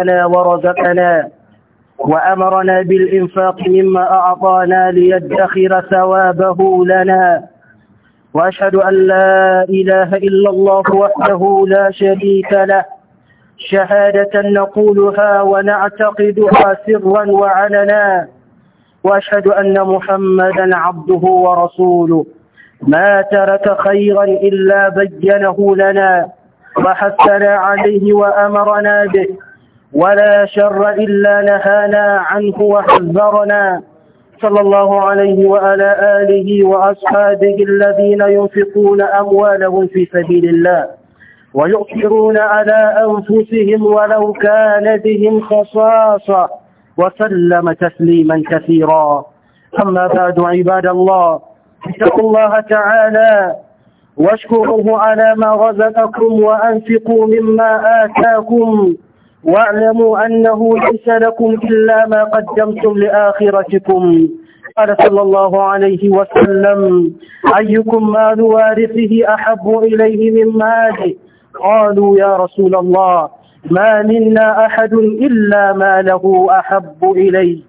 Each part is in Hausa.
لنا ورزقنا وأمرنا بالإنفاق مما أعطانا ليدخر ثوابه لنا وأشهد أن لا إله إلا الله وحده لا شريك له شهادة نقولها ونعتقدها سرا وعلنا وأشهد أن محمدا عبده ورسوله ما ترك خيرا إلا بينه لنا وحثنا عليه وأمرنا به ولا شر إلا نهانا عنه وحذرنا صلى الله عليه وعلى آله وأصحابه الذين ينفقون أموالهم في سبيل الله ويؤثرون على أنفسهم ولو كان بهم خصاصة وسلم تسليما كثيرا أما بعد عباد الله اتقوا الله تعالى واشكروه على ما رزقكم وأنفقوا مما آتاكم واعلموا أنه ليس لكم إلا ما قدمتم لآخرتكم قال صلى الله عليه وسلم أيكم مال وارثه أحب إليه من ماله قالوا يا رسول الله ما منا أحد إلا ما له أحب إليه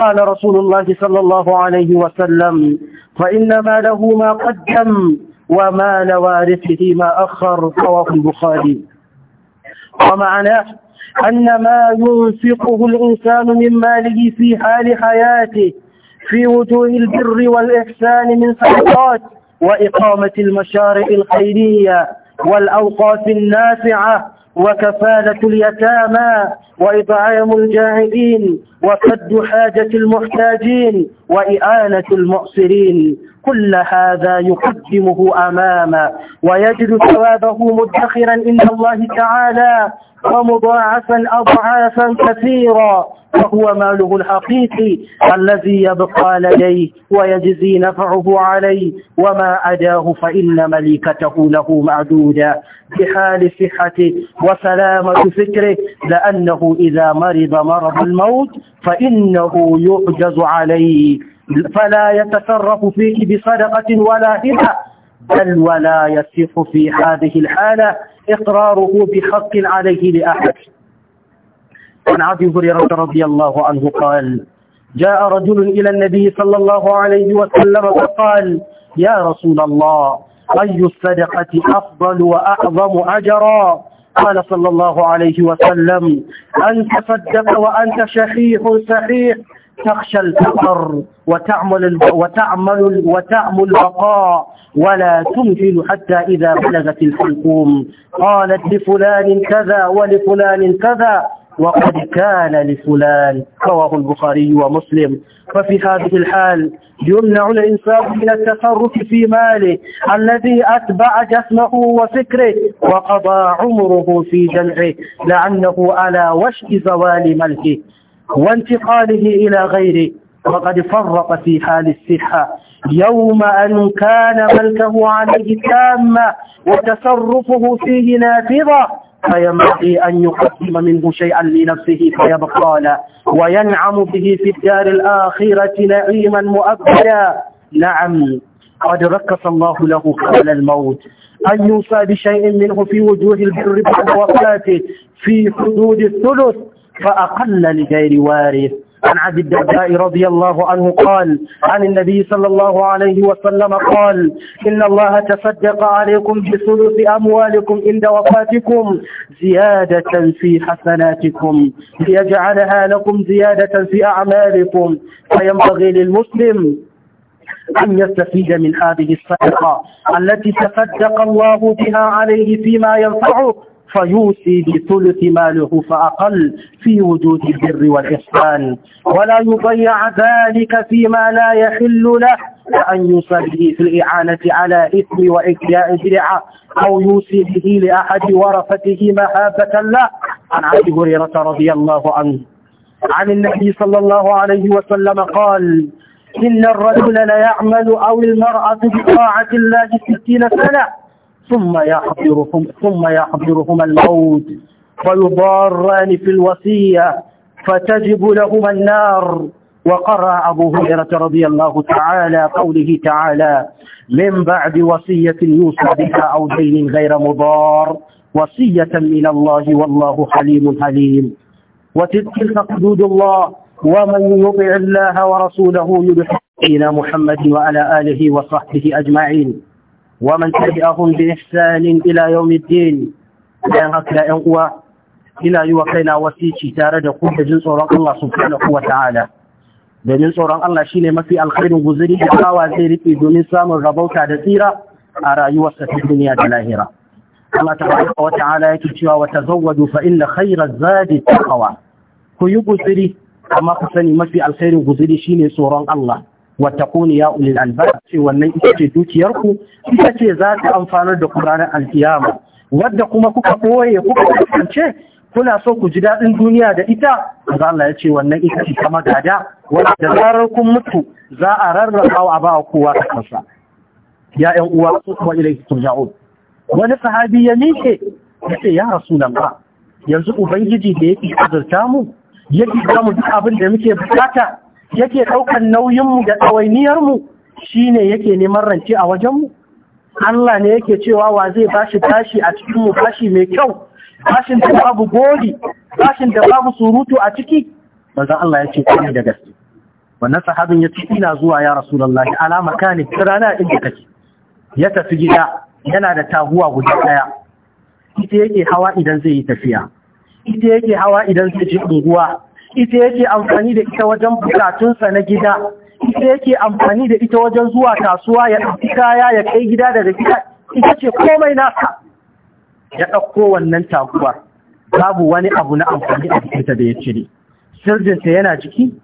قال رسول الله صلى الله عليه وسلم فإنما له ما قدم وما لوارثه ما أخر رواه البخاري ومعناه أن ما ينفقه الإنسان من ماله في حال حياته في وجوه البر والإحسان من صدقات وإقامة المشارع الخيرية والأوقاف النافعة وكفالة اليتامى وإطعام الجاهلين وفد حاجة المحتاجين وإعانة المعسرين كل هذا يقدمه أماما ويجد ثوابه مدخرا إلى الله تعالى ومضاعفا أضعافا كثيرا فهو ماله الحقيقي الذي يبقى لديه ويجزي نفعه عليه وما أداه فإن مليكته له معدودا بحال صحته وسلامة فكره لأنه إذا مرض مرض الموت فإنه يعجز عليه فلا يتصرف فيه بصدقة ولا هبة بل ولا يصح في هذه الحالة إقراره بحق عليه لأحد عن أبي هريرة رضي الله عنه قال جاء رجل إلى النبي صلى الله عليه وسلم فقال يا رسول الله أي الصدقة أفضل وأعظم أجرا قال صلى الله عليه وسلم أن تصدق وأنت شحيح صحيح تخشى الفقر وتعمل وتعمل وتعمل البقاء ولا تمهل حتى إذا بلغت الحلقوم قالت لفلان كذا ولفلان كذا وقد كان لفلان رواه البخاري ومسلم ففي هذه الحال يمنع الإنسان من التصرف في ماله الذي أتبع جسمه وفكره وقضى عمره في جمعه لأنه على وشك زوال ملكه وانتقاله إلى غيره وقد فرط في حال الصحة يوم أن كان ملكه عليه تامة وتصرفه فيه نافذة فينبغي أن يقدم منه شيئا لنفسه فيبقى له وينعم به في الدار الآخرة نعيما مؤبدا نعم قد ركز الله له قبل الموت أن يوصى بشيء منه في وجوه البر بعد وفاته في حدود الثلث فأقل لغير وارث عن عبد الدرداء رضي الله عنه قال عن النبي صلى الله عليه وسلم قال إن الله تصدق عليكم بثلث أموالكم عند وفاتكم زيادة في حسناتكم ليجعلها لكم زيادة في أعمالكم فينبغي للمسلم أن يستفيد من هذه الصدقة التي تصدق الله بها عليه فيما ينفعه فيوصي بثلث ماله فأقل في وجود البر والإحسان ولا يضيع ذلك فيما لا يحل له وأن يصلي في الاعانه علي اثم واكياء برعة او يوصي به لاحد ورثته مهابة له عن عبد هريرة رضي الله عنه عن النبي صلى الله عليه وسلم قال إن الرجل ليعمل أو المرأة بطاعة الله ستين سنة ثم يحضرهم ثم يحضرهما الموت فيضاران في الوصية فتجب لهما النار وقرأ أبو هريرة رضي الله تعالى قوله تعالى من بعد وصية يوصى بها أو دين غير مضار وصية من الله والله حليم حليم وتلك حدود الله ومن يطع الله ورسوله يدخل إلى محمد وعلى آله وصحبه أجمعين ومن تبعهم بإحسان إلى يوم الدين bayan haka ya ‘yan uwa ina yi wa kaina wasici tare da ku da jin tsoron Allah subhanahu wa ta'ala da jin tsoron Allah shine mafi alkhairin guzuri da kawa zai rike domin samun rabauta da tsira a rayuwarsa ta duniya da lahira Allah tabaraka wa ta'ala yake cewa wa tazawwadu fa inna khayra zadi taqwa ku yi guzuri amma ku sani mafi alkhairin guzuri shine tsoron Allah wattaquni ya ulil albab ce wannan ita ce dukiyar ita ce za ta amfanar da ku alkiyama wadda kuma kuka boye kuka kasance kuna so ku ji daɗin duniya da ita za Allah ya ce wannan ita ce kama gada wanda zarar kun mutu za a rarraba wa ba kowa kansa ya ƴan uwa su kuma ilaihi turja'un wani sahabi ya nike ya ce ya rasu nan ba. yanzu ubangiji da yake azurta mu yake ba mu duk abin da muke bukata yake ɗaukar nauyinmu da ɗawainiyarmu shi ne yake neman rance a wajenmu Allah ne yake cewa wa zai bashi tashi a cikinmu bashi mai kyau bashin da babu gori bashin da babu surutu a ciki za Allah ya ce kwanu da gaske wannan sahabin ya ce ina zuwa ya rasulullah ala makani rana inda kake ya tafi gida yana da taguwa guda ɗaya. ita yake hawa idan zai yi tafiya ita yake hawa idan zai je unguwa ita yake amfani da ita wajen bukatunsa na gida ita yake amfani da ita wajen zuwa kasuwa ya ɗauki kaya ya kai gida daga gida ita ce komai naka ya ɗauko wannan takuwar, babu wani abu na amfani a jikinta da ya cire sirjinta yana jiki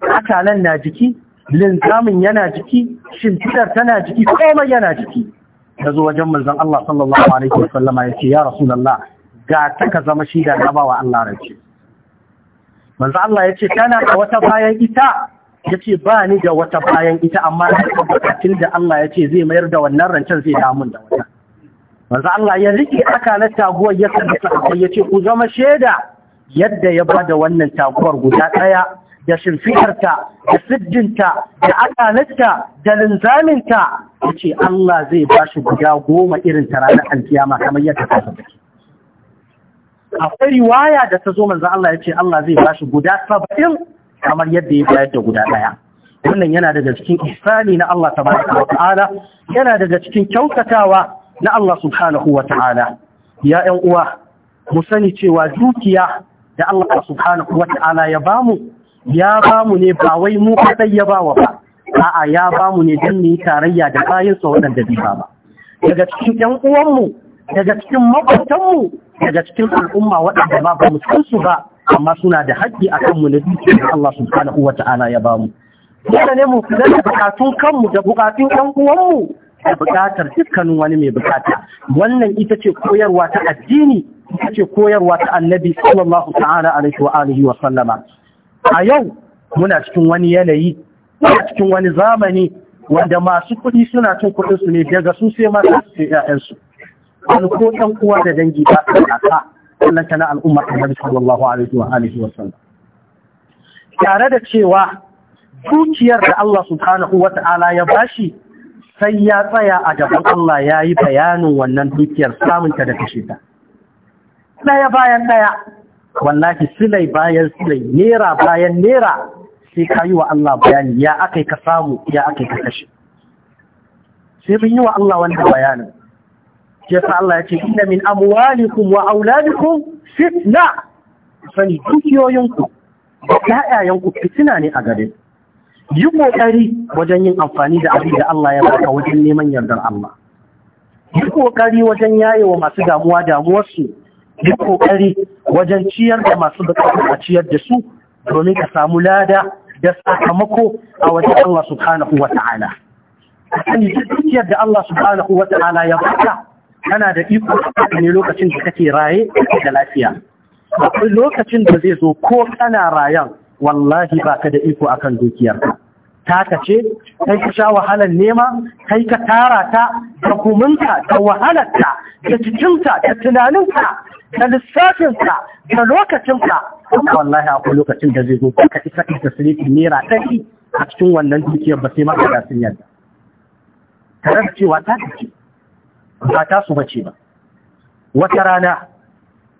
akalan na jiki linzamin yana jiki shimfidar tana jiki komai yana jiki ta zo wajen manzon Allah sallallahu alaihi wasallama ya ce ya rasulullah ga ta ka zama shi da rabawa wa Allah rance manzo Allah yace tana da wata bayan ita yace ba ni da wata bayan ita amma lokacin da Allah yace zai mayar da wannan rancen zai damun da wata manzo Allah ya rike akalar taguwar ya ya yace ku zama sheda yadda ya ba da wannan taguwar guda ɗaya, da shirfikarta da siddinta da akalarta da linzaminta yace Allah zai ba shi guda goma irin ta ranar alkiyama kamar yadda ta akwai riwaya da ta zo manzo Allah ya ce Allah zai bashi guda saba'in kamar yadda ya bayar da guda ɗaya wannan yana daga cikin ihsani na Allah tabaraka wa ta'ala yana daga cikin kyautatawa na Allah subhanahu wa ta'ala ya ƴan uwa mu sani cewa dukiya da Allah subhanahu wa ta'ala ya bamu ya bamu ne ba wai mu kadai ya bawa ba a'a ya bamu ne dan mu tarayya da bayin sa waɗanda bai ba daga cikin ƴan uwanmu daga cikin mu daga cikin al'umma waɗanda ba ba mu ba amma suna da haƙƙi a kanmu na dukiyar Allah subhanahu wa ta'ala ya ba mu dole ne mu kula da bukatun kanmu da bukatun ɗan uwanmu da bukatar dukkanin wani mai bukata wannan ita ce koyarwa ta addini ita ce koyarwa ta annabi sallallahu ta'ala alaihi wa alihi wa sallama a yau muna cikin wani yanayi muna cikin wani zamani wanda masu kuɗi suna cin kuɗinsu ne daga su sai mata su sai 'ya'yansu. wani ko ɗan uwa da dangi ba su kasa wannan ta na al'ummar annabi sallallahu alaihi wa alihi wa sallam tare da cewa dukiyar da Allah subhanahu wa ta'ala ya bashi sai ya tsaya a gaban Allah ya yi bayanin wannan dukiyar samunta da kashe ta daya bayan ɗaya wallahi silai bayan silai nera bayan nera sai ka yi wa Allah bayani ya aka ka samu ya aka ka kashe sai mun yi wa Allah wannan bayanin shi yasa Allah ya ce inna min amwalikum wa auladikum fitna sani dukiyoyinku da ƴaƴayenku fitina ne a gare yi kokari wajen yin amfani da abin da Allah ya baka wajen neman yardar Allah yi kokari wajen yaye wa masu damuwa damuwarsu yi kokari wajen ciyar da masu bukatu a ciyar da su domin ka samu lada da sakamako a wajen Allah subhanahu wa ta'ala. Sani duk da Allah subhanahu wa ta'ala ya baka kana da iko a ne lokacin da kake raye da lafiya akwai lokacin da zai zo ko kana rayan wallahi ba ka da iko akan dukiyar ka ce kai ka sha wahalar nema kai ka tara ta da kuminta da wahalarta da cikinta da tunaninta da lissafinta da lokacinta wallahi akwai lokacin da zai zo ka isa isa siriki naira ɗari a cikin wannan dukiyar ba sai maka da sun yadda tare da cewa ta ce ba ta su bace ba wata rana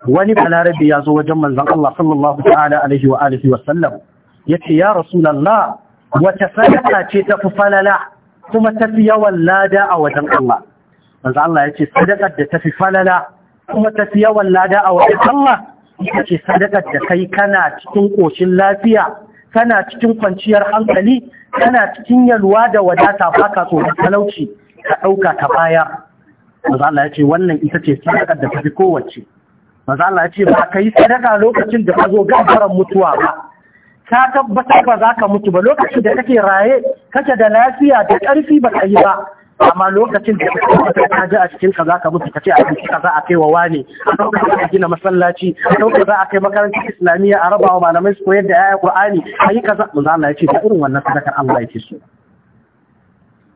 wani balarabe ya zo wajen manzon Allah sallallahu ta'ala alaihi wa alihi wa sallam yace ya rasulullah wata sadaka ce ta fi falala kuma ta fi yawan lada a wajen Allah manzon Allah yace sadakar da ta fi falala kuma ta fi yawan lada a wajen Allah ita ce sadakar da kai kana cikin koshin lafiya kana cikin kwanciyar hankali kana cikin yalwa da wadata baka tsoron talauci ka ɗauka ka bayar manzo Allah ya ce wannan ita ce sadaka da tafi kowace maza Allah ya ce ba kai sadaka lokacin da ka zo mutuwa ba ka tabbatar ba za ka mutu ba lokacin da kake raye kake da lafiya da ƙarfi ba ka yi ba amma lokacin da kake ka ji a cikin ka za ka mutu kace a cikin ka za a kai wa wani a za gina masallaci a ɗauka za a kai makarantar islamiyya a rabawa malamai su koyar da 'ya'yan qur'ani a yi kaza maza Allah ya ce ba irin wannan sadakar Allah yake so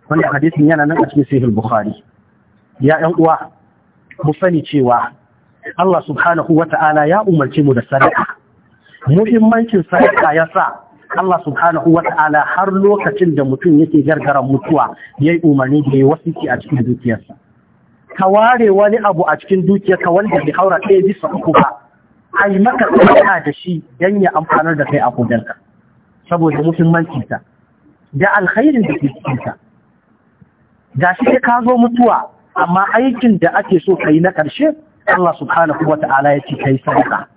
wannan hadisin yana nan a cikin sahih bukhari ya ɗan uwa mu sani cewa Allah subhanahu Ta'ala ya umarci mu da sadaka muhimmancin sadaka ya sa Allah subhanahu Ta'ala har lokacin da mutum yake gargaran mutuwa ya yi umarni da ya wasiki a cikin dukiyarsa ka ware wani abu a cikin dukiyarka wanda bai haura ɗaya bisa uku ba a yi maka sadaka da shi don ya amfanar da kai a kodanka saboda sa. da alkhairin da ke cikinsa. ga shi ka zo mutuwa amma aikin da ake so kai na ƙarshe Allah subhanahu wa ta'ala ya ce kai sadaka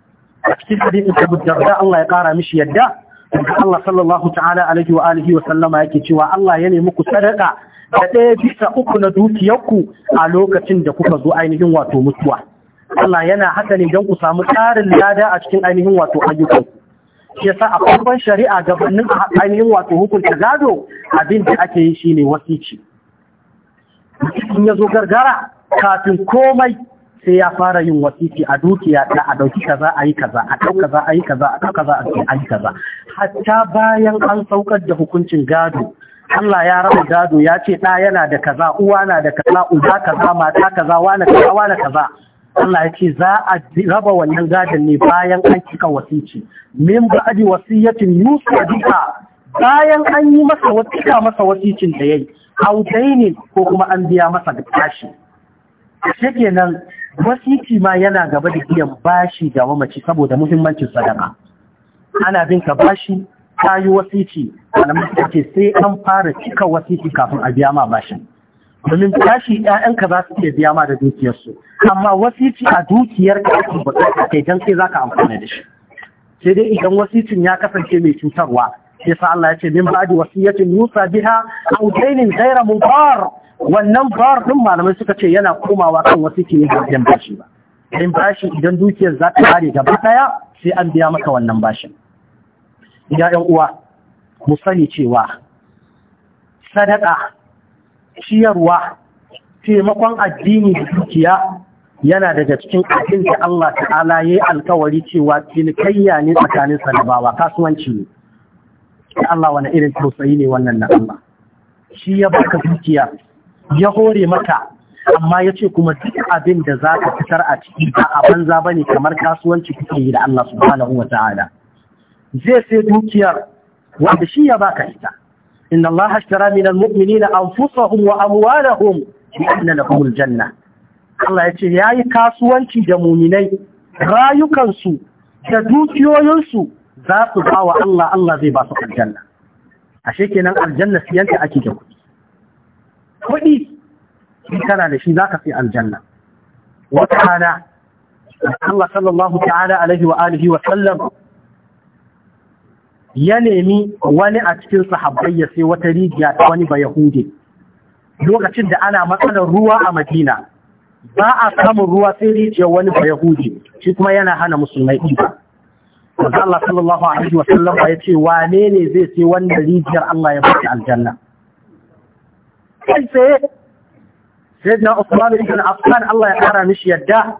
a cikin hadisin Abu Darda Allah ya ƙara mishi yadda daga Allah sallallahu ta'ala alaihi wa alihi wa sallama yake cewa Allah ya nemi ku sadaka da ɗaya bisa uku na dukiyarku a lokacin da kuka zo ainihin wato mutuwa Allah yana haka ne don ku samu tsarin lada a cikin ainihin wato ayyukan. shi yasa a farkon shari'a gabanin ainihin wato hukunta gado abin da ake yi shine wasici in ya zo gargara kafin komai sai ya fara yin wasiki a dukiya ta a dauki kaza a yi kaza a dauka kaza a yi kaza a dauka kaza a yi kaza hatta bayan an saukar da hukuncin gado Allah ya raba gado ya ce ɗa yana da kaza uwa na da kaza uba kaza mata kaza wani kaza wani kaza Allah ya ce za a raba wannan gadon ne bayan an kika wasici min ba'di wasiyatin yusa biha bayan an yi masa wasika masa wasikin da yayi ne ko kuma an biya masa da tashi shi wasiki ma yana gaba da biyan bashi ga mamaci saboda muhimmancin sadaka ana bin ka bashi ta yi wasiki wanda ce sai an fara cika wasiki kafin a biya ma bashin domin bashi ‘ya'yanka za su iya biya ma da dukiyarsu amma wasici a dukiyar ka ake bukata don sai za amfana da shi sai dai idan wasicin ya kasance mai cutarwa yasa Allah ya ce min ba'di wasiyatin Musa biha aw dainin ghayra mudar wannan bar din malamai suka ce yana komawa kan wasiki ne ga biyan bashi ba in bashi idan dukiyar za ta kare gaba ɗaya, sai an biya maka wannan bashin ya 'yan uwa mu sani cewa sadaka ciyarwa taimakon addini da dukiya yana daga cikin abin da Allah ta'ala ya yi alkawari cewa cinikayya ne tsakanin sanabawa kasuwanci ne Allah wani irin tausayi ne wannan na Allah shi ya baka dukiya ya hore maka amma ya ce kuma duk abin da za ka fitar a ciki ba a banza ba ne kamar kasuwanci kuke yi da Allah subhanahu wa ta'ala zai sai dukiyar wanda shi ya baka ita inna Allah ashtara min almu'minina anfusahum wa amwalahum bi anna lahum aljanna Allah ya ce yayi kasuwanci da mu'minai rayukansu da dukiyoyinsu za su ba wa Allah Allah zai ba su aljanna ashe kenan aljanna siyanta ake da kuɗi kuɗi in kana da shi zaka sai aljanna wata rana Allah sallallahu ta'ala alaihi wa alihi wa sallam ya nemi wani a cikin sahabbai ya sai wata rijiya ta wani bayahudi lokacin da ana matsalar ruwa a Madina ba a samun ruwa sai rijiyar wani bayahudi shi kuma yana hana musulmai ɗiba Wanda Allah sallallahu Alaihi wasallam ya ce wane ne zai ce wanda rijiyar Allah ya faɗi aljanna. Kai tsaye, sai na Usman ibn Affan Allah ya ƙara mishi yadda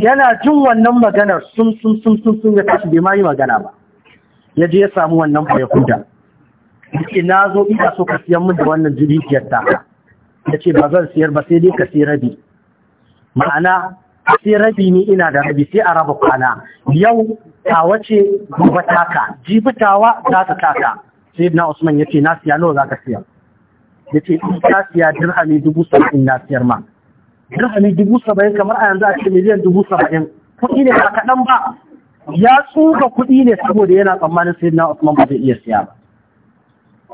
yana jin wannan maganar sun sun sun sun sun ya tashi bai ma yi magana ba. Ya je ya samu wannan bayahuda. Yake na zo ina so ka siyan min da wannan rijiyar ta. Ya ce ba zan siyar ba sai dai ka siya rabi. Ma'ana sai rabi ni ina da rabi sai a raba kwana yau tawa ce gobe taka jibi tawa za ta taka sai na usman ya ce na siya nawa za ka siya ya ce in ka siya dirhami dubu saba'in na siyar ma dirhami dubu saba'in kamar a yanzu a ce miliyan dubu saba'in kuɗi ne ba kaɗan ba ya tsuka kuɗi ne saboda yana tsammanin sai na usman ba zai iya siya ba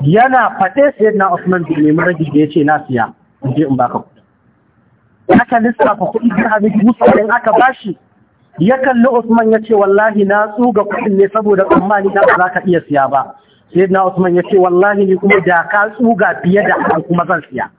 yana faɗe sai na usman bai nemi rage da ya ce na siya in je in baka kuɗi aka lissafa kuɗi dirhami dubu saba'in aka bashi ya kalli Usman ya ce wallahi na tsuga kudin ne saboda tsammani na ba ka iya siya ba sai Usman ya ce wallahi ni kuma da ka tsuga fiye da an kuma zan siya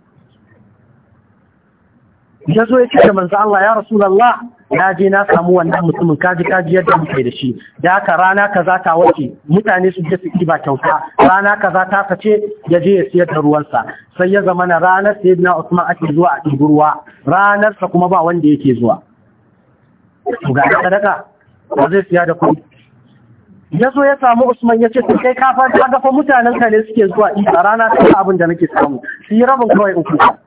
ya zo ya ce da manzo Allah ya Rasulullah na je na samu wannan mutumin kaji kaji yadda muke da shi da haka rana kaza ta wace mutane su je su ba kyauta rana kaza ta sace ya je ya siyar da ruwansa sai ya zama na ranar sayyidina Usman ake zuwa a ɗin ruwa ranarsa kuma ba wanda yake zuwa ga sadaka ba zai siya da ya zo ya samu Usman ya ce to kai kafar ta gafa mutanen ka ne suke zuwa a rana ta abin da nake samu su yi rabin kawai uku kuka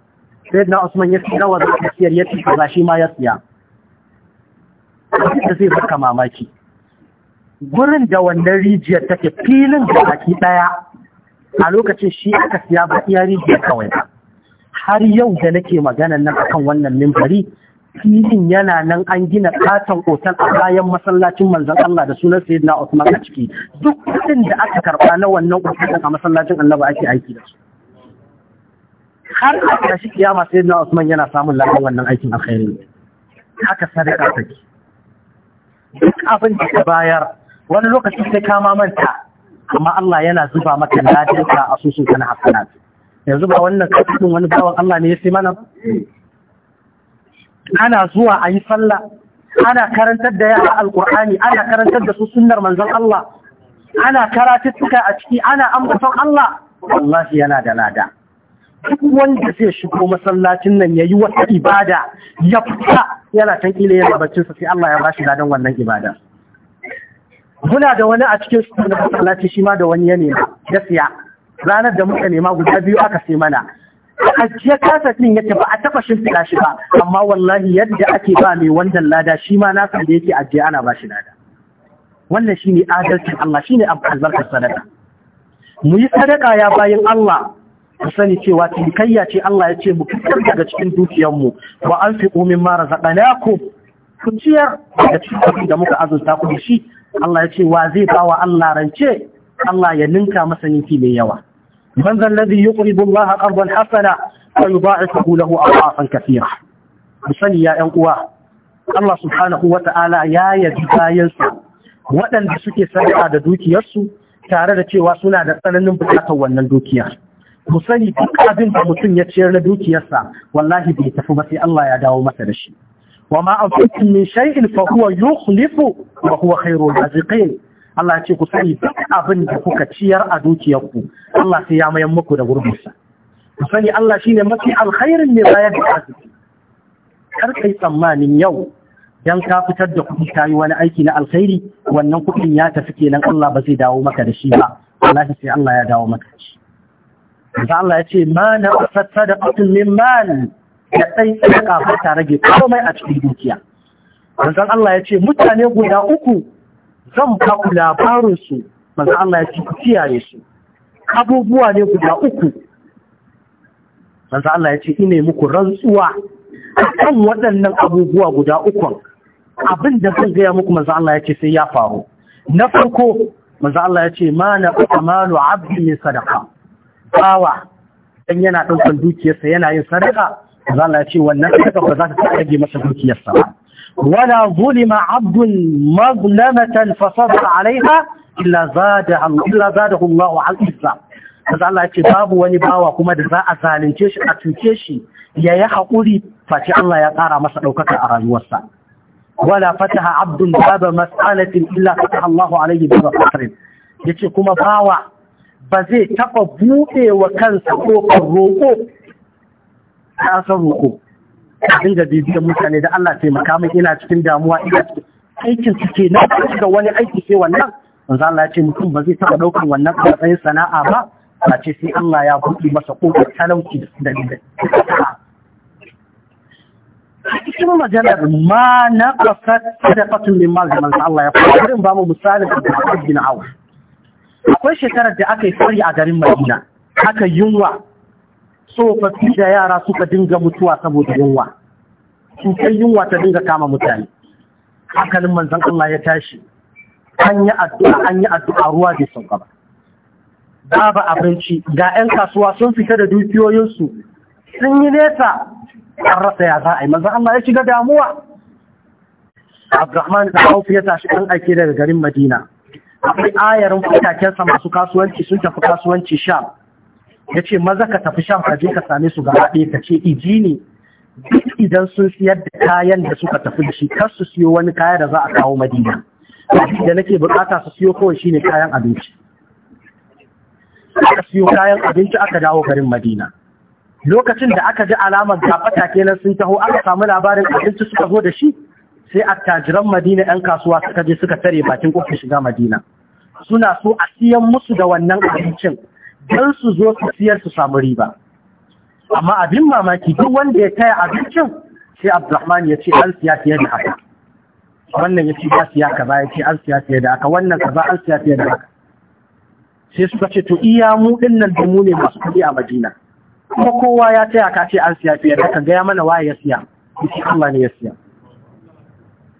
sai na Usman ya ce nawa zai siyar ya ce za shi ma ya siya da zai baka mamaki gurin da wannan rijiyar take filin da baki daya a lokacin shi aka siya ba iya rijiyar kawai ba har yau da nake magana nan akan wannan mimbari filin yana nan an gina katon otal a bayan masallacin manzon Allah da sunan sayyidina Usman a ciki duk kudin da aka karba na wannan otal a masallacin Annabi ake aiki da su har a tashi kiyama sayyidina Usman yana samun lafiya wannan aikin alkhairi haka sadaka take duk abin da ka bayar wani lokaci sai ka manta amma Allah yana zuba maka ladan ka asusun ka na hasanat yanzu ba wannan kafin wani bawan Allah ne ya sai mana ana zuwa a yi sallah ana karantar da yara alkur'ani ana karantar da su sunnar manzan Allah ana karatuttuka a ciki ana ambaton Allah Allah shi yana da lada duk wanda zai shigo masallacin nan ya yi wata ibada ya fita yana can kila yana sa sai Allah ya shi ladan wannan ibada muna da wani a cikin su na masallaci shi ma da wani ya nema ya ranar da muka nema guda biyu aka sai mana a ya kasa din yace ba a taba shimfiɗa shi ba amma wallahi yadda ake ba mai wannan lada shi ma na da yake ajiye ana ba shi lada wannan shine adalcin Allah shine albarkar sadaka mu yi sadaka ya bayan Allah ku sani cewa tinkayya ce Allah ya ce mu fitar daga cikin dukiyarmu wa anfiqu mimma razaqnakum ku ciyar da cikin da muka azurta ku da shi Allah ya ce wa zai bawa Allah rance Allah ya ninka masa ninki mai yawa من ذا الذي يقرض الله قرضا حسنا ويضاعفه له أضعافا كثيرة musani ya ‘yan uwa, Allah subhanahu wa ta'ala ya yaji bayansa waɗanda suke sadaka da dukiyarsu tare da cewa suna da tsananin bukatar wannan dukiyar. Musani duk abin da mutum ya ciyar na dukiyarsa, wallahi bai tafi ba sai Allah ya dawo masa da shi. Wa ma an min shay'in fa huwa yukhlifu wa huwa khairul raziqin. Allah ya ce ku sani duk abin da kuka ciyar a dukiyarku Allah sai ya mayan muku da gurbinsa ku sani Allah shine mafi alkhairin ne bayan da arziki kar kai tsammanin yau dan ka fitar da kuɗi kai wani aiki na alkhairi wannan kuɗin ya tafi kenan Allah ba zai dawo maka da shi ba wallahi sai Allah ya dawo maka shi dan Allah ya ce ma na sadaqatun min mal da sai sadaka ba ta rage komai a cikin dukiya dan Allah ya ce mutane guda uku zan ba ku labarin su Allah ya ce kiyaye su abubuwa ne guda uku manzo Allah ya ce ina muku rantsuwa kan waɗannan abubuwa guda uku abin da zan gaya muku manzo Allah ya ce sai ya faru na farko manzo Allah ya ce ma na abdi ne sadaqa bawa dan yana daukan dukiyarsa yana yin sadaka manzo Allah ya ce wannan sadaka ba za ta rage masa dukiyarsa ba ولا ظلم عبد مظلمة فصبر عليها إلا زاده إلا زاده الله على الإسلام kaza Allah ce babu wani bawa kuma da za a zalunce shi a cuce shi ya yi haƙuri face Allah ya ƙara masa ɗaukaka a rayuwarsa wala fataha abdun baba mas'alatin illa fataha Allahu alaihi bi rahmatin yace kuma bawa ba zai taɓa buɗe wa kansa kofar roƙo ta san roƙo da dinga bibiyar mutane da Allah taimaka min ina cikin damuwa ina cikin aikin su ke ga wani aiki sai wannan manzo Allah ya ce mutum ba zai taba ɗaukar wannan a matsayin sana'a ba ba ce sai Allah ya buɗe masa ƙofar talauci da da cikin majalar ma na da sadakatun min mal da Allah ya faɗa irin ba mu misalin da bin Auf akwai shekarar da aka yi fari a garin Madina aka yunwa tsofaffi da yara suka dinga mutuwa saboda yunwa kai yunwa ta dinga kama mutane hakanin manzan Allah ya tashi an yi addu'a an yi addu'a ruwa bai sauka ba babu abinci ga 'yan kasuwa sun fita da dukiyoyinsu sun yi nesa an rasa ya za a yi manzan Allah ya shiga damuwa Abdurrahman da Auf ya tashi ɗan aike daga garin Madina akwai ayarin fitakensa masu kasuwanci sun tafi kasuwanci sha. ya ce maza ka tafi shan aje ka same su ga haɗe ka ce iji ne duk idan sun siyar da kayan da suka tafi da shi kar su siyo wani kaya da za a kawo madina da nake bukata su siyo kawai shine kayan abinci aka siyo kayan abinci aka dawo garin madina lokacin da aka ji alamar gabata kenan sun taho aka samu labarin abinci suka zo da shi sai attajiran madina yan kasuwa suka je suka tare bakin kofar shiga madina suna so a siyan musu da wannan abincin don su zo su siyar su samu riba amma abin mamaki duk wanda ya taya abincin sai abdurrahman ya ce an siya fiye da haka wannan ya ce ya siya ka ba ya ce an siya fiye da haka wannan ka ba an siya fiye da haka sai suka ce to iya mu din nan da mu ne masu kuɗi a madina kuma kowa ya taya ka ce an siya fiye da haka gaya mana waye ya siya yace Allah ne ya siya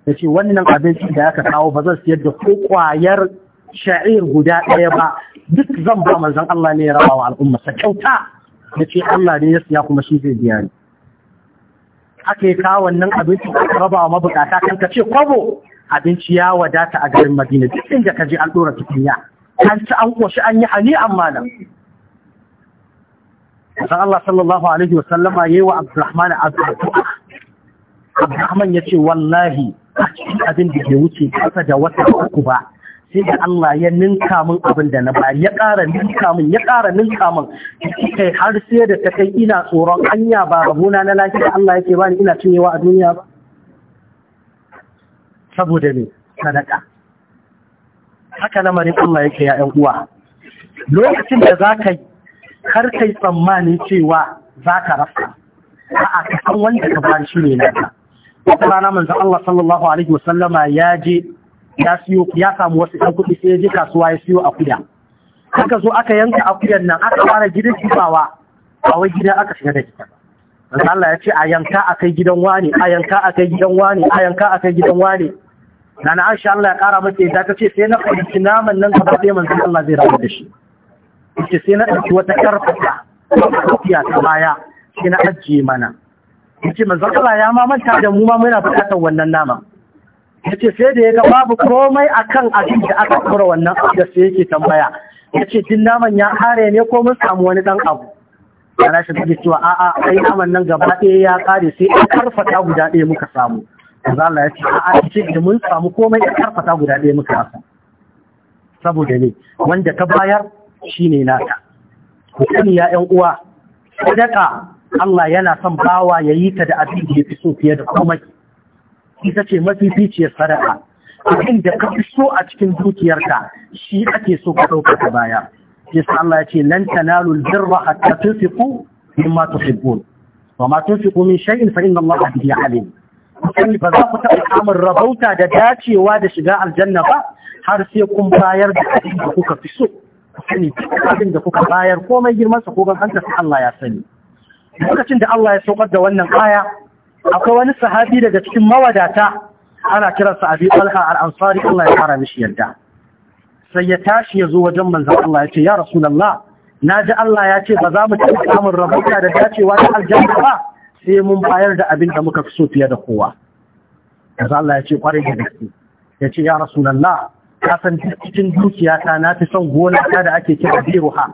Ya ce wannan abinci da aka kawo ba zan siyar da ko ƙwayar sha'ir guda ɗaya ba duk zan ba manzon Allah ne ya raba wa al'umma sa kyauta ce Allah ne ya siya kuma shi zai biya ni aka yi kawo wannan abinci aka raba wa mabukata kan ka ce kwabo abinci ya wadata a garin Madina duk inda ka je an dora tukunya an ci an koshi an yi hani amma nan san Allah sallallahu Alaihi wasallama ya yi wa Abdurrahman Abdurrahman Abdurrahman ya ce wallahi a cikin abin da ke wuce kasa da wata uku ba sai da Allah ya ninka min abin da na bayar ya ƙara ninka min ya ƙara ninka min kai har sai da ta kai ina tsoron hanya ba rabona na lafiya Allah yake bani ina cinyewa a duniya ba saboda me sadaka haka lamarin Allah yake ya uwa lokacin da za ka kar kai tsammanin cewa za ka rasa a'a ka san wanda ka bani shi ne na ka Allah sallallahu alaihi wasallama ya je ya siyo ya samu wasu ɗan kuɗi sai ya je kasuwa ya siyo akuya haka zo aka yanka akuyan nan aka fara gidan kifawa a wai gidan aka shiga da ita Allah ya ce a yanka a kai gidan wani a yanka a kai gidan wani a yanka a kai gidan wani na na Aisha Allah ya kara mace yadda ta ce sai na fahimci naman nan gaba ɗaya manzon Allah zai rabu da shi ce sai na ɗauki wata ƙarfafa tafiya ta baya shi na ajiye mana ce manzon Allah ya mamanta da mu ma muna buƙatar wannan naman ya ce sai da ya ga babu komai a kan abin da aka kura wannan da sai yake tambaya ya ce din naman ya kare ne ko mun samu wani dan abu ana shi da cewa a kai naman nan gaba ɗaya ya kare sai an karfata guda ɗaya muka samu manzo Allah ya ce a'a ce da mun samu komai an karfata guda ɗaya muka samu saboda ne wanda ta bayar shine naka nata. ya ƴan uwa sadaka Allah yana son bawa yayi ta da abin da fi so fiye da komai ita ce mafificiyar sadaka abin da ka fi so a cikin dukiyarka shi ake so ka ɗauka ta baya yasa Allah ya ce lan tanalu birra hatta tunfiqu mimma tuhibbun wa ma tunfiqu min shay'in fa inna Allah bihi alim kai ba za ku taɓa samun rabauta da dacewa da shiga aljanna ba har sai kun bayar da abin da kuka fi so sani abin da kuka bayar komai girmansa ko gangansa sai Allah ya sani lokacin da Allah ya saukar da wannan aya akwai wani sahabi daga cikin mawadata ana kiransa abi talha al-ansari Allah ya fara mishi yarda sai ya tashi ya zo wajen manzon Allah ya ce ya rasulullah ji Allah ya ce ba za mu ci samun rabuta da dacewa ta aljanna ba sai mun bayar da abin da muka fi so fiye da kowa manzon Allah ya ce kwarai da gaske ya ce ya rasulullah ka san cikin dukiyata na fi son gona ta da ake kira biruha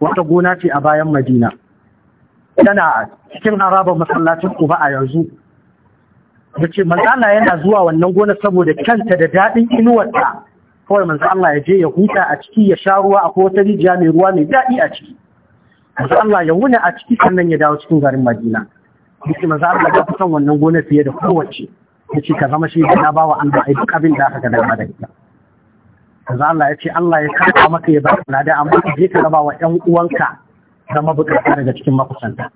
wata gona ce a bayan Madina tana cikin harabar masallacin ku ba a yanzu yace ce yana zuwa wannan gona saboda kyanta da daɗin inuwarta kawai manzo Allah ya je ya huta a ciki ya sha ruwa a wata rijiya mai ruwa mai daɗi a ciki manzo Allah ya wuna a ciki sannan ya dawo cikin garin Madina yace manzo Allah ya kusan wannan gona fiye da kowace yace ka zama shi da bawa Allah ai duk abin da aka ga a da manzo Allah ya ce Allah ya karɓa maka ya baka da amma je ka raba wa ƴan uwanka da mabukata daga cikin makusanta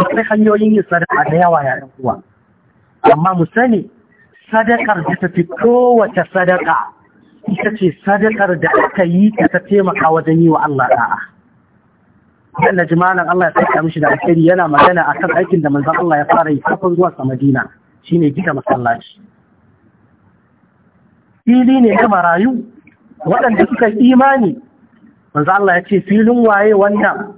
akwai hanyoyin yin sadaka da yawa yayin kuwa amma mu sani sadakar da ta fi kowace sadaka ita ce sadakar da aka yi ta ta taimaka wajen yi wa Allah da'a dan naji Allah ya saka mishi da alheri yana magana a kan aikin da manzon Allah ya fara yi kafin zuwa sa Madina ne gida masallaci fili ne na marayu waɗanda suka imani manzo Allah ya ce filin waye wannan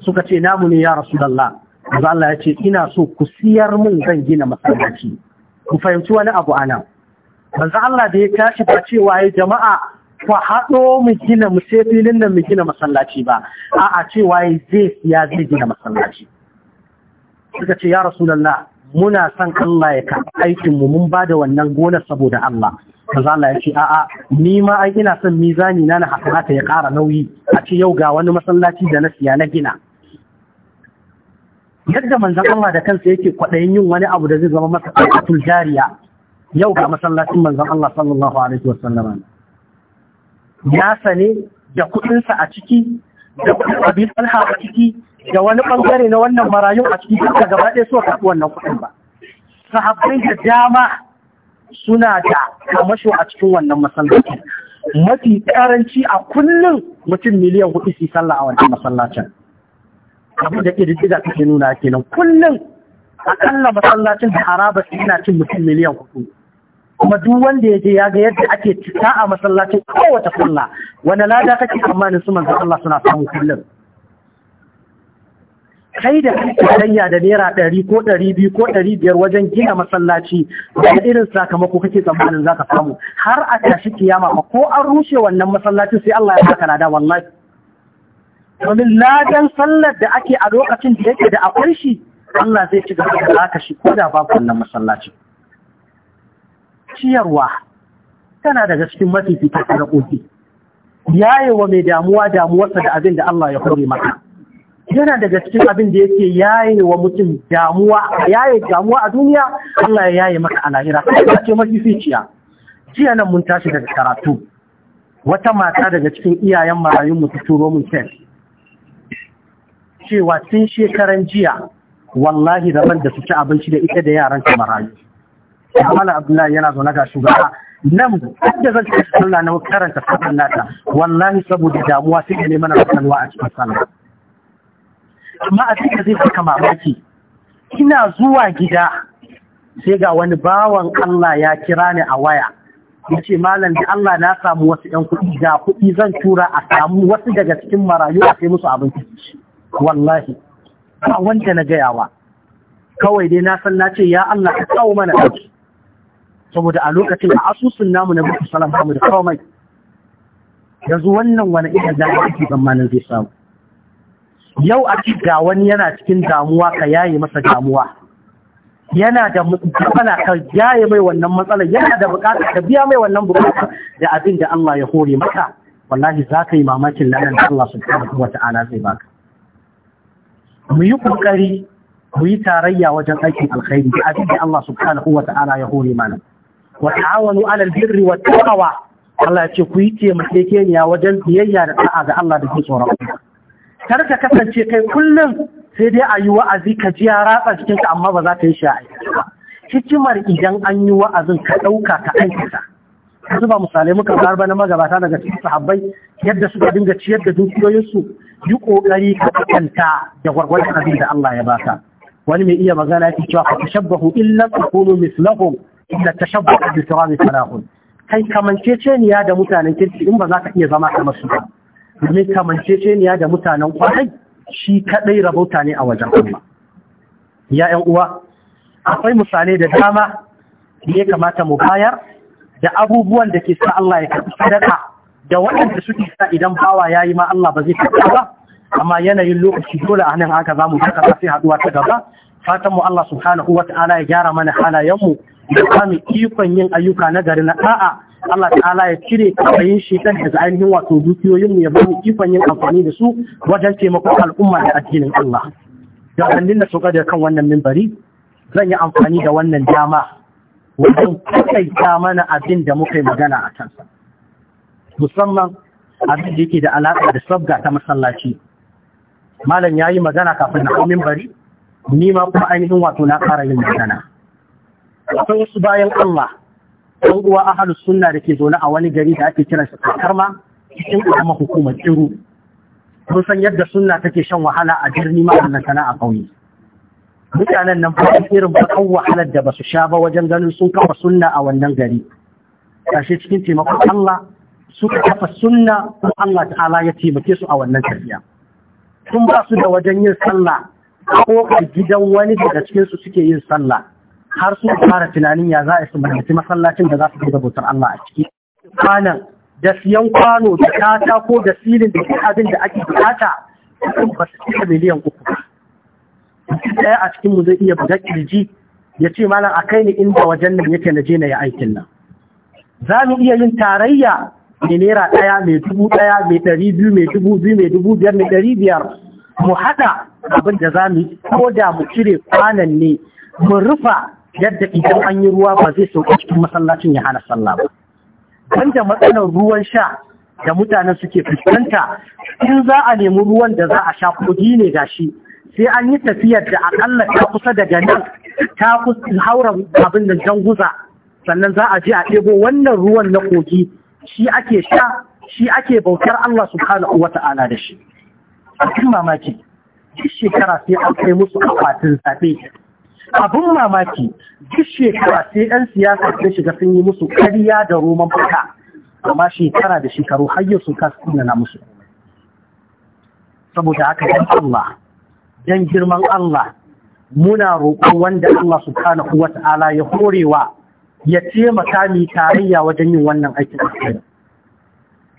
suka ce namu ne ya rasulullah manzo Allah ya ce ina so ku siyar mun zan gina masallaci ku fahimci wani abu ana. manzo Allah da ya tashi ba cewa ya jama'a ku haɗo mu gina mu sai filin nan mu gina masallaci ba a'a cewa zai siya zai gina masallaci suka ce ya rasulullah muna son Allah ya ka aikin mu mun bada wannan gona saboda Allah manzo Allah ya ce a'a ni ma an ina son mizani na na haka ya ƙara nauyi a ce yau ga wani masallaci da na siya na gina yadda manzon Allah da kansa yake kwaɗayin yin wani abu da zai zama masa atul jariya yau ga masallacin manzon Allah sallallahu alaihi wasallam ya sane da kuɗinsa a ciki da kuɗin abin talha a ciki da wani ɓangare na wannan marayu a ciki duka gaba ɗaya so ka wannan kuɗin ba sahabbai da dama suna da kamasho a cikin wannan masallacin mafi karanci a kullum mutum miliyan hudu su sallah a wannan masallacin abin da ƙididdiga take nuna kenan kullum akalla masallacin da haraba yana cin mutum miliyan hudu kuma duk wanda ya je ya ga yadda ake cika a masallacin kowace sallah wani lada kake tsammanin su manzo Allah suna samu kullum kai da kake tarayya da naira ɗari ko ɗari biyu ko ɗari biyar wajen gina masallaci da irin sakamako kake tsammanin za ka samu har a tashi kiyama ma ko an rushe wannan masallaci sai Allah ya baka lada wallahi domin ladan sallar da ake a lokacin da yake da akwai shi Allah zai ci gaba da zaka shi ko da babu wannan masallaci ciyarwa tana daga cikin mafi fitar da kofi yayewa mai damuwa damuwarsa da abin da Allah ya hore maka yana daga cikin abin da yake yaye wa mutum damuwa yaye damuwa a duniya Allah ya yaye maka a lahira ce mafi ficiya jiya nan mun tashi daga karatu wata mata daga cikin iyayen marayun mu turo mun tel cewa tun shekaran jiya wallahi daban da su ci abinci da ita da yaran ta marayu Amala Abdullahi yana zaune ga shugaba nan da zan ci sallah na karanta sallar nata wallahi saboda damuwa sai ne mana rakanwa a cikin sallah amma a cikin zai baka mamaki ina zuwa gida sai ga wani bawan Allah ya kira ni a waya Ya ce malam da Allah na samu wasu ƴan kuɗi da kuɗi zan tura a samu wasu daga cikin marayu a kai musu abinci wallahi ba wanda na gayawa kawai dai na san na ce ya Allah ka kawo mana ɗauki saboda a lokacin a asusun namu na buku salam kawai yanzu wannan wani irin da ake ban zai samu yau a ci ga wani yana cikin damuwa ka yaye masa damuwa yana da matsala ka yaye mai wannan matsala, yana da bukata ka biya mai wannan bukata da abin da Allah ya hore maka wallahi za ka yi mamakin lanar da Allah subhanahu wa ta'ala zai baka mu yi kokari mu yi tarayya wajen aikin alkhairi da abin da Allah subhanahu wa ta'ala ya hore mana wa ta'awanu 'alal birri wat taqwa Allah ya ce ku yi taimakekeniya wajen biyayya da ta'a ga Allah da ke tsoron Allah kar ka kasance kai kullum sai dai a yi wa'azi ka ji ya ratsa cikinka amma ba za ta yi shi ba hikimar idan an yi wa'azin ka ɗauka ka aikata yanzu ba misalai muka zarba na magabata daga cikin sahabbai yadda suka dinga ciyar da dukiyoyinsu yi ƙoƙari ka kanta da gwargwadon abin da Allah ya baka wani mai iya magana yake cewa fa tashabbahu illa takunu mislahum illa tashabbahu bi turabi falahun kai kamanceceniya da mutanen kirki in ba za ka iya zama kamar su ba domin ya da mutanen kwarai shi kaɗai rabauta ne a wajen Allah ya ‘yan uwa akwai misalai da dama da ya kamata mu bayar da abubuwan da ke sa Allah ya karɓi sadaka da waɗanda suke sa idan bawa ya yi ma Allah ba zai karɓi ba amma yanayin lokaci dole a nan haka za mu saka sai haɗuwa ta gaba fatan mu Allah subhanahu wa ta'ala ya gyara mana halayenmu da samu ikon yin ayyuka na gari na a'a Allah ta'ala ya cire shi shekar daga ainihin wato dukiyoyin mu ya bani ikon yin amfani da su wajen taimakon al'umma da addinin Allah da hannun da shuka da kan wannan mimbari zan yi amfani da wannan dama wajen kai ta mana abin da muka yi magana a kansa musamman abin da yake da alaƙa da sabga ta masallaci malam ya yi magana kafin na mimbari ni ma kuma ainihin wato na fara yin magana akwai wasu bayan Allah ɗan uwa ahalus sunna da ke zaune a wani gari da ake kiransa karma cikin ƙaramar hukumar tsiru kun san yadda sunna take shan wahala a birni ma wannan sana'a ƙauye mutanen nan ba irin bakan wahalar da ba su sha ba wajen ganin sun kafa sunna a wannan gari kashe cikin taimakon Allah suka kafa sunna kuma Allah ta'ala ya taimake su a wannan tafiya sun ba su da wajen yin sallah ko gidan wani daga cikin su suke yin sallah har sun fara tunanin ya za a su mahaifi masallacin da za su buga bautar Allah a ciki kwanan da siyan kwano da kata ko da silin da abin da ake bukata ba su cika miliyan uku ɗaya a cikin mu zai iya buga kirji ya ce malam a kai ni inda wajen nan yake na je na yi aikin nan za mu iya yin tarayya mai naira ɗaya mai dubu ɗaya mai ɗari biyu mai dubu biyu mai dubu biyar mai ɗari biyar mu haɗa abin da za mu yi ko da mu cire kwanan ne mu rufa yadda idan an yi ruwa ba zai sauka cikin masallacin ya hana sallah ba banda matsalar ruwan sha da mutanen suke fuskanta in za a nemi ruwan da za a sha kudi ne gashi sai an yi tafiyar da akalla ta kusa daga nan ta haura abin da guza sannan za a je a ɗebo wannan ruwan na kogi shi ake sha shi ake bautar Allah subhanahu wa ta'ala da shi a mamaki duk shekara sai an kai musu akwatin zaɓe abin mamaki duk shekara sai 'yan siyasa da shiga sun yi musu karya da roman fata amma shekara da shekaru har yau sun kasu kunana musu saboda haka dan Allah dan girman Allah muna roƙo wanda Allah subhanahu wata'ala ya horewa ya taimaka mu tarayya wajen yin wannan aikin alkhairi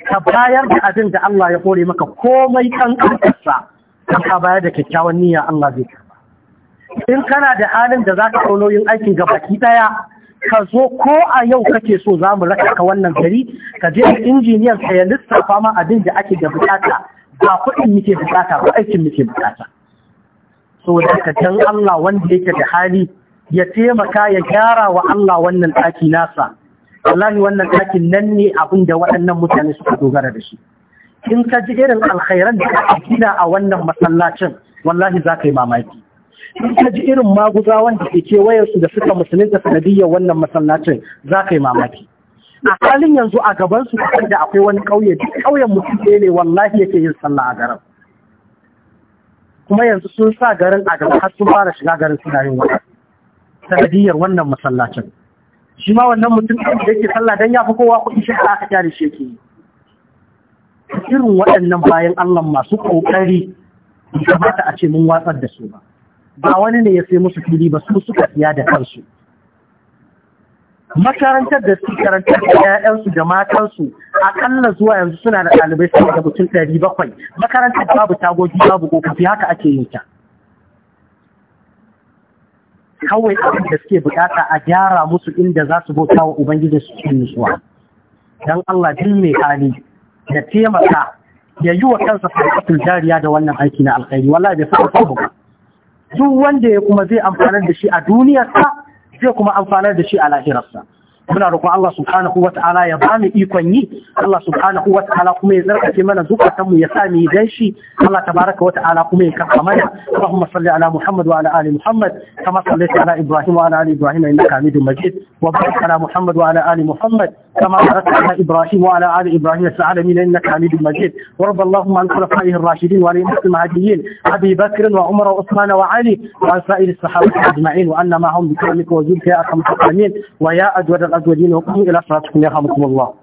ka bayar da abin da Allah ya hore maka komai kan kansa ka bayar da kyakkyawan niyya Allah zai karɓa in kana da halin da za ka ɗau aikin ga baki ɗaya ka zo ko a yau kake so za mu raka ka wannan gari ka je da injiniyan ka ya lissafa ma abin da ake da bukata ba kuɗin muke bukata ba aikin muke bukata so da ka dan Allah wanda yake da hali ya taimaka ya gyara wa Allah wannan ɗaki nasa wallahi wannan ɗakin nan ne abin da waɗannan mutane suka dogara da shi in ka ji irin alkhairan da ake gina a wannan masallacin wallahi za ka yi mamaki in ka ji irin maguza wanda ke kewayen su da suka musulunta sanadiyyar wannan masallacin za ka yi mamaki a halin yanzu a gaban su da akwai wani ƙauye duk ƙauyen mutum ne wallahi yake yin sallah a garin kuma yanzu sun sa garin a gaba har sun fara shiga garin suna yin wata sanadiyyar wannan masallacin shi ma wannan mutum da yake sallah don ya fi kowa kuɗi shi aka kyale shi yake irin waɗannan bayan Allah masu ƙoƙari bai kamata a ce mun watsar da su ba ba wani ne ya sai musu fili ba su suka siya da kansu makarantar da su karantar da 'ya'yansu da matansu akalla zuwa yanzu suna da ɗalibai sama da mutum ɗari bakwai makarantar babu tagogi babu kofi haka ake yin ta kawai abin da suke bukata a gyara musu inda za su bauta wa ubangiji su cikin nutsuwa don Allah din mai hali da taimaka ya yi wa kansa farkatul jariya da wannan aiki na alkhairi wallahi bai fara ba duk wanda ya kuma zai amfanar da shi a duniyarsa zai kuma amfanar da shi a lahirarsa muna roƙon Allah subhanahu wata'ala ya bani mu ikon yi Allah subhanahu wata'ala kuma ya zarkace mana zukatan mu ya sa mu dan shi Allah tabaraka wata'ala kuma ya kafa mana Allahumma salli ala Muhammad wa ala ali Muhammad kama sallaita ala Ibrahim wa ala ali Ibrahim innaka Hamidum Majid wa barik ala Muhammad wa ala ali Muhammad كما باركت على ابراهيم وعلى ال ابراهيم في العالمين انك حميد مجيد وارض اللهم عن خلفائه الراشدين والائمه المهديين ابي بكر وعمر وعثمان وعلي وعن سائر الصحابه اجمعين وان معهم بكرمك وجودك يا ارحم الراحمين ويا اجود عز وجل وقوموا إلى صلاتكم يرحمكم الله